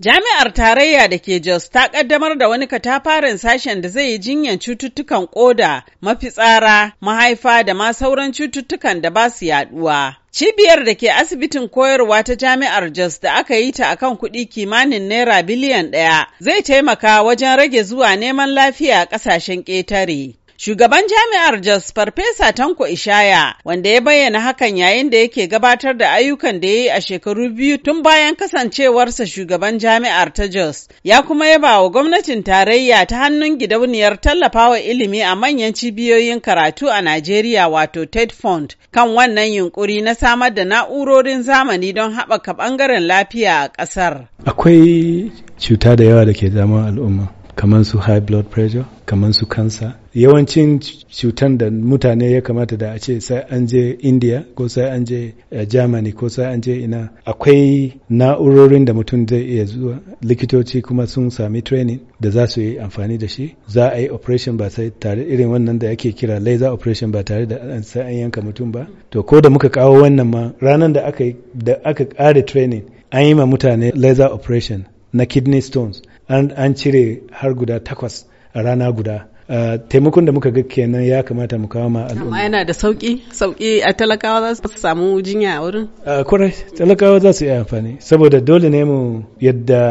Jami'ar tarayya da ke Jos ta kaddamar da wani katafaren sashen da zai yi jinyar cututtukan koda, mafitsara, mahaifa da ma sauran cututtukan da ba su yaduwa. Cibiyar da ke asibitin koyarwa ta jami'ar Jos da aka yi ta akan kuɗi kimanin naira biliyan ɗaya zai taimaka wajen rage zuwa neman lafiya ƙasashen ƙetare. Shugaban jami'ar Jos Farfesa Tanko Ishaya wanda ya bayyana hakan yayin da yake gabatar da ayyukan da ya yi a shekaru biyu tun bayan kasancewarsa shugaban jami'ar ta Jos ya kuma yaba wa gwamnatin tarayya ta hannun gidauniyar tallafawa ilimi a manyan cibiyoyin karatu a Najeriya wato TED Fund kan wannan yunkuri na samar da na'urorin zamani don haɓaka ɓangaren lafiya a ƙasar. Akwai cuta da yawa da ke zama al'umma. kamar su high blood pressure kamar su kansa yawancin cutan da mutane ya kamata da a ce sai an je india ko sai an je eh, germany ko sai an je ina akwai na'urorin da mutum zai iya zuwa likitoci kuma sun sami training da za su yi amfani da shi za a yi operation ba sai tare irin wannan da yake kira laser operation ba tare da sai an yanka mutum ba to ko da muka kawo wannan ma ranar da aka da aka kare training an yi ma mutane laser operation na kidney stones an cire har guda takwas a rana guda Uh, taimakon da muka ga kenan ya kamata mu kawo ma al'umma. yana da sauki sauki a talakawa za su samu jinya a wurin. Uh, kwarai talakawa za su yi amfani saboda dole ne mu yadda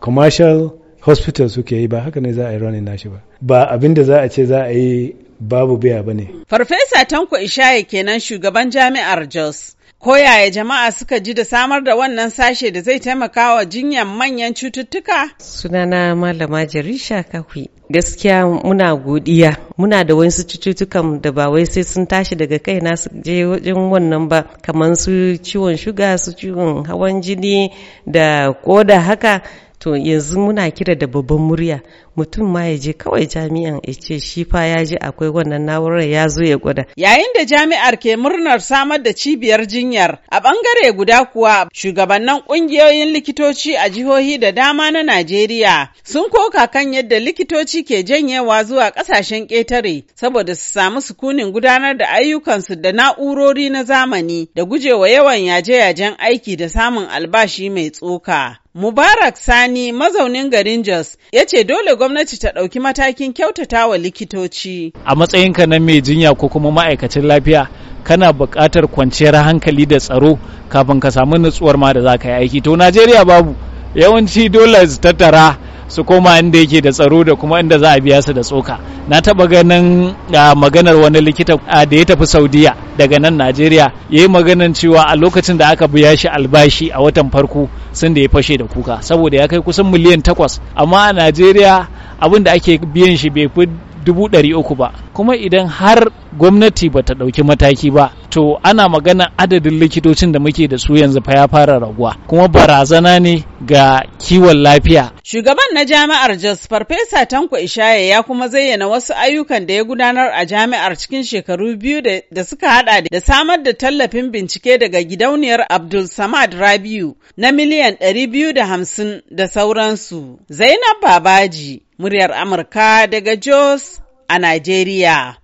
commercial hospital suke yi ba haka ne za a yi ranin nashi ba. Ba abin da za a ce za a yi babu biya ba ne. Farfesa Tanko Ishaye kenan shugaban jami'ar Jos. Koyaya jama'a suka ji da samar da wannan sashe da zai taimaka wa jinyar manyan cututtuka? Sunana Malama Jarisha Kakwi. Gaskiya muna godiya muna da wasu cututtukan da ba wai sai sun tashi daga kai na su je wajen wannan ba kamar su ciwon shuga su ciwon hawan jini da koda haka to yanzu muna kira da babban murya mutum ma ya je kawai jami'an ya ce shi fa ya je akwai wannan na'urar ya zo ya gwada yayin da jami'ar ke murnar samar da cibiyar jinyar a bangare guda kuwa shugabannin kungiyoyin likitoci a jihohi da dama na najeriya sun koka kan yadda likitoci ke janyewa zuwa kasashen ƙetare saboda su samu sukunin gudanar da ayyukansu da na'urori na zamani da gujewa yawan yaje-yajen aiki da samun albashi mai tsoka Mubarak Sani mazaunin garin Jos ya ce dole gwamnati ta ɗauki matakin kyautata wa likitoci. A matsayinka na mai jinya ko kuma ma'aikacin lafiya kana buƙatar kwanciyar hankali da tsaro kafin ka samu nutsuwar ma da za ka yi aiki. To Najeriya babu yawanci dole su tattara su koma inda yake da tsaro da kuma inda za a biya su da tsoka na taba ganin maganar wani likita da ya tafi saudiya daga nan najeriya ya yi maganar cewa a lokacin da aka biya shi albashi a watan farko sun da ya fashe da kuka saboda ya kai kusan miliyan takwas amma a najeriya abin da ake biyan shi bai fi dubu ɗari uku ba kuma idan har gwamnati ba ta ɗauki mataki ba to ana magana adadin likitocin da muke da su yanzu fa ya fara raguwa kuma barazana ne ga kiwon lafiya. Shugaban na jami'ar Jos Farfesa Tanko Ishaya ya kuma zayyana wasu ayyukan da ya gudanar a jami'ar cikin shekaru biyu da suka hada da samar da tallafin bincike daga gidauniyar Abdul Samad Rabiu na miliyan ɗari biyu da hamsin da sauransu. Zainab Babaji, muryar Amurka daga Jos a Nigeria.